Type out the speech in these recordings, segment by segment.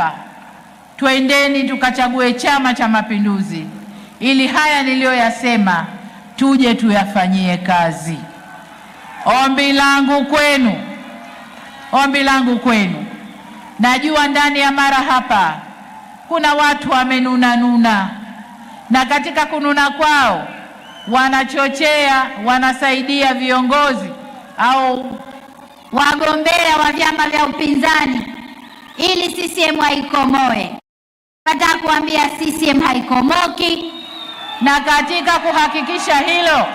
hapa, twendeni tukachague Chama cha Mapinduzi ili haya niliyoyasema tuje tuyafanyie kazi. Ombi langu kwenu, ombi langu kwenu, najua ndani ya Mara hapa kuna watu wamenunanuna, na katika kununa kwao wanachochea, wanasaidia viongozi au wagombea wa vyama vya upinzani ili CCM haikomoe. Nataka kuambia CCM haikomoki, na katika kuhakikisha hilo,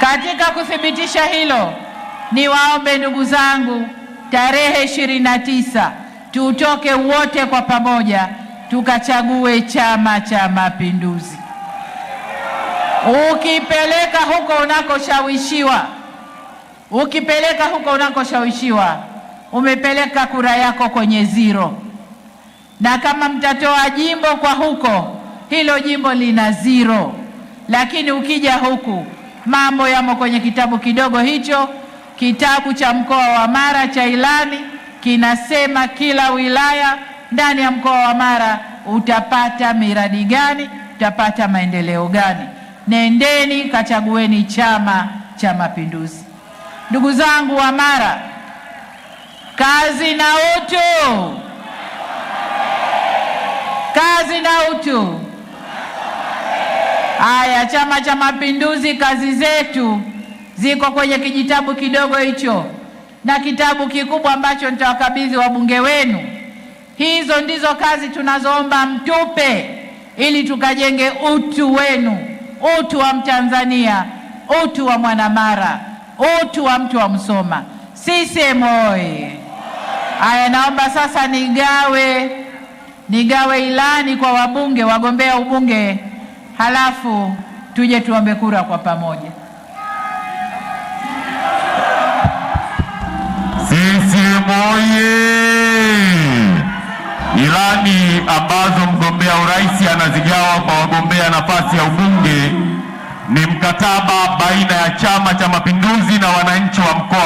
katika kuthibitisha hilo, niwaombe ndugu zangu, tarehe 29 tutoke wote kwa pamoja tukachague Chama cha Mapinduzi. Ukipeleka huko unakoshawishiwa, ukipeleka huko unakoshawishiwa umepeleka kura yako kwenye ziro, na kama mtatoa jimbo kwa huko, hilo jimbo lina ziro. Lakini ukija huku mambo yamo kwenye kitabu kidogo hicho, kitabu cha mkoa wa Mara cha ilani kinasema kila wilaya ndani ya mkoa wa Mara utapata miradi gani, utapata maendeleo gani. Nendeni kachagueni Chama cha Mapinduzi, ndugu zangu wa Mara. Kazi na utu, kazi na utu. Haya, Chama cha Mapinduzi, kazi zetu ziko kwenye kijitabu kidogo hicho na kitabu kikubwa ambacho nitawakabidhi wabunge wenu. Hizo ndizo kazi tunazoomba mtupe, ili tukajenge utu wenu, utu wa Mtanzania, utu wa Mwanamara, utu wa mtu wa Msoma. CCM oyee! Haya, naomba sasa nigawe nigawe ilani kwa wabunge wagombea ubunge, halafu tuje tuombe kura kwa pamoja. Sisi moye Ilani ambazo mgombea urais anazigawa kwa wagombea nafasi ya ubunge ni mkataba baina ya Chama cha Mapinduzi na wananchi wa mkoa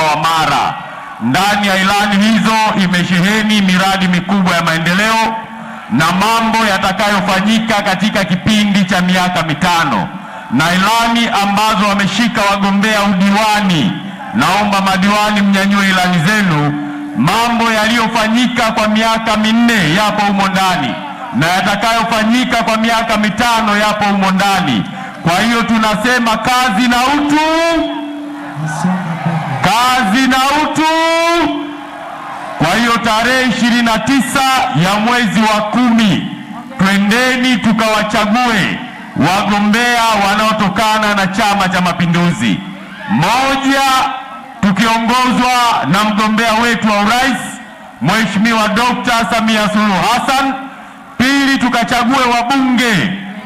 ndani ya ilani hizo imesheheni miradi mikubwa ya maendeleo na mambo yatakayofanyika katika kipindi cha miaka mitano na ilani ambazo wameshika wagombea udiwani. Naomba madiwani mnyanyue ilani zenu. Mambo yaliyofanyika kwa miaka minne yapo humo ndani na yatakayofanyika kwa miaka mitano yapo humo ndani. Kwa hiyo tunasema kazi na utu kazi na utu. Kwa hiyo tarehe ishirini na tisa ya mwezi wa kumi, twendeni tukawachague wagombea wanaotokana na Chama cha Mapinduzi. Moja, tukiongozwa na mgombea wetu wa urais Mheshimiwa Dkt. Samia Suluhu Hassan. Pili, tukachague wabunge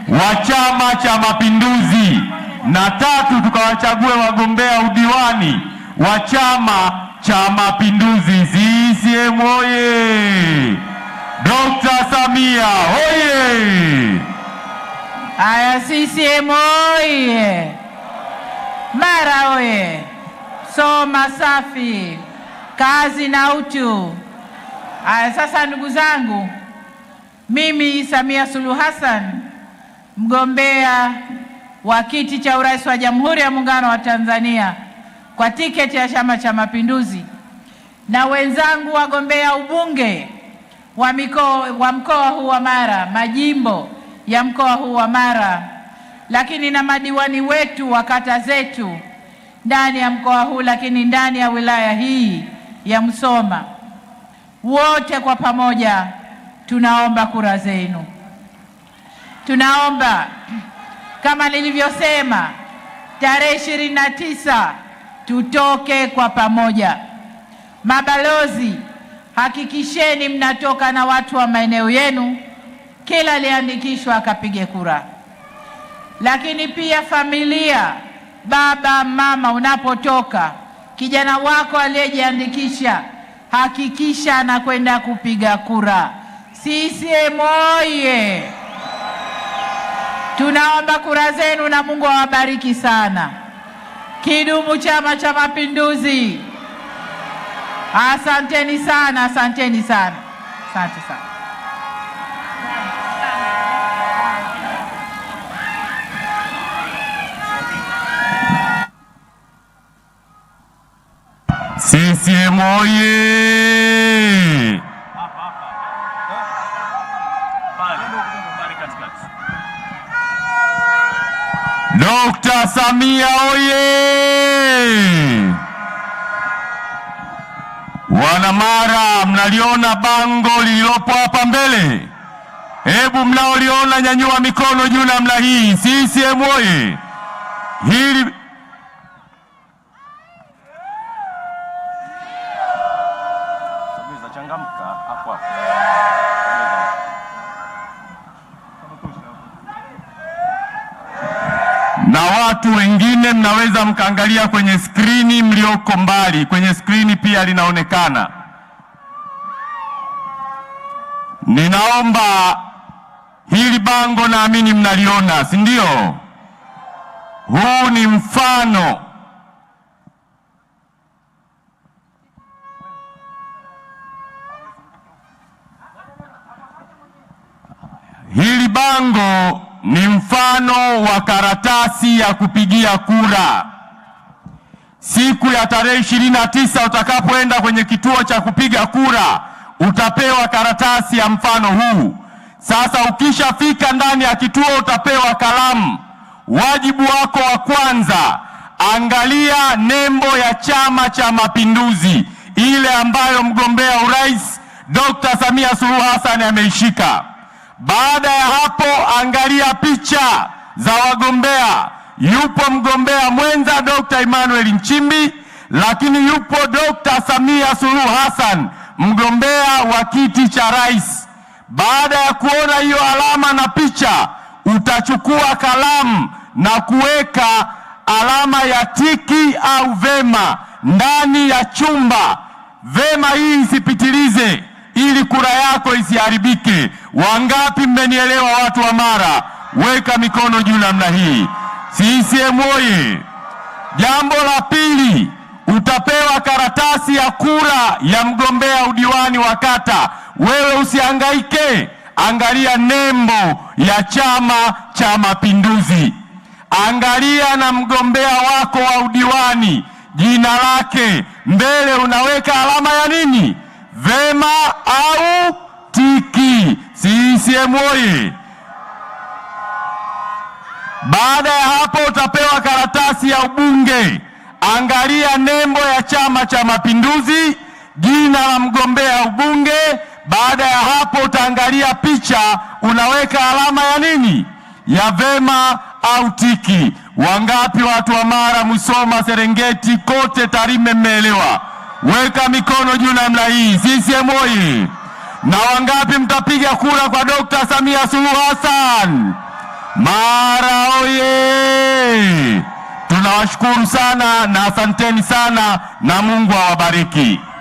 wa Chama cha Mapinduzi, na tatu, tukawachague wagombea udiwani wa Chama cha Mapinduzi CCM oye! Dr. Samia oye! Aya, CCM oye! Mara oye! Soma safi, kazi na utu. Aya, sasa ndugu zangu, mimi Samia Suluhu Hassan mgombea wa kiti cha urais wa Jamhuri ya Muungano wa Tanzania kwa tiketi ya Chama cha Mapinduzi na wenzangu wagombea ubunge wa mikoa, wa mkoa huu wa Mara, majimbo ya mkoa huu wa Mara, lakini na madiwani wetu wa kata zetu ndani ya mkoa huu, lakini ndani ya wilaya hii ya Msoma, wote kwa pamoja tunaomba kura zenu. Tunaomba kama nilivyosema tarehe ishirini na tisa tutoke kwa pamoja. Mabalozi, hakikisheni mnatoka na watu wa maeneo yenu, kila aliandikishwa akapige kura. Lakini pia familia, baba, mama, unapotoka kijana wako aliyejiandikisha, hakikisha anakwenda kupiga kura. CCM oye! Tunaomba kura zenu na Mungu awabariki sana. Kidumu Chama cha Mapinduzi! Asanteni sana, asanteni sana, asante sana. CCM oye! Dr. Samia oye! Wanamara, mnaliona bango lililopo hapa mbele? Hebu mnaoliona nyanyua mikono juu namna hii. CCM oye! Hili changamka hapo hapo. na watu wengine mnaweza mkaangalia kwenye skrini mlioko mbali, kwenye skrini pia linaonekana. Ninaomba hili bango, naamini mnaliona, si ndio? Huu ni mfano hili bango ni mfano wa karatasi ya kupigia kura. Siku ya tarehe ishirini na tisa utakapoenda kwenye kituo cha kupiga kura, utapewa karatasi ya mfano huu. Sasa ukishafika ndani ya kituo, utapewa kalamu. Wajibu wako wa kwanza, angalia nembo ya Chama cha Mapinduzi, ile ambayo mgombea urais Dr. Samia Suluhu Hassan ameishika. Baada ya hapo, angalia picha za wagombea. Yupo mgombea mwenza Dr. Emmanuel Nchimbi, lakini yupo Dr. Samia Suluhu Hassan, mgombea wa kiti cha rais. Baada ya kuona hiyo alama na picha, utachukua kalamu na kuweka alama ya tiki au vema ndani ya chumba. Vema hii isipitilize ili kura yako isiharibike. Wangapi mmenielewa? Watu wa Mara, weka mikono juu namna hii. CCM oye! Jambo la pili, utapewa karatasi ya kura ya mgombea udiwani wa kata. Wewe usihangaike, angalia nembo ya Chama cha Mapinduzi, angalia na mgombea wako wa udiwani jina lake mbele, unaweka alama ya nini? vema au tiki. CCM oye Baada ya hapo utapewa karatasi ya ubunge. Angalia nembo ya Chama cha Mapinduzi, jina la mgombea ubunge. Baada ya hapo utaangalia picha, unaweka alama ya nini? Ya vema au tiki. Wangapi watu wa Mara, Musoma, Serengeti, kote Tarime mmeelewa? Weka mikono juu namna hii. CCM oyee! Na wangapi mtapiga kura kwa dokta Samia Suluhu Hassan? Mara oye! Tunawashukuru sana na asanteni sana na Mungu awabariki.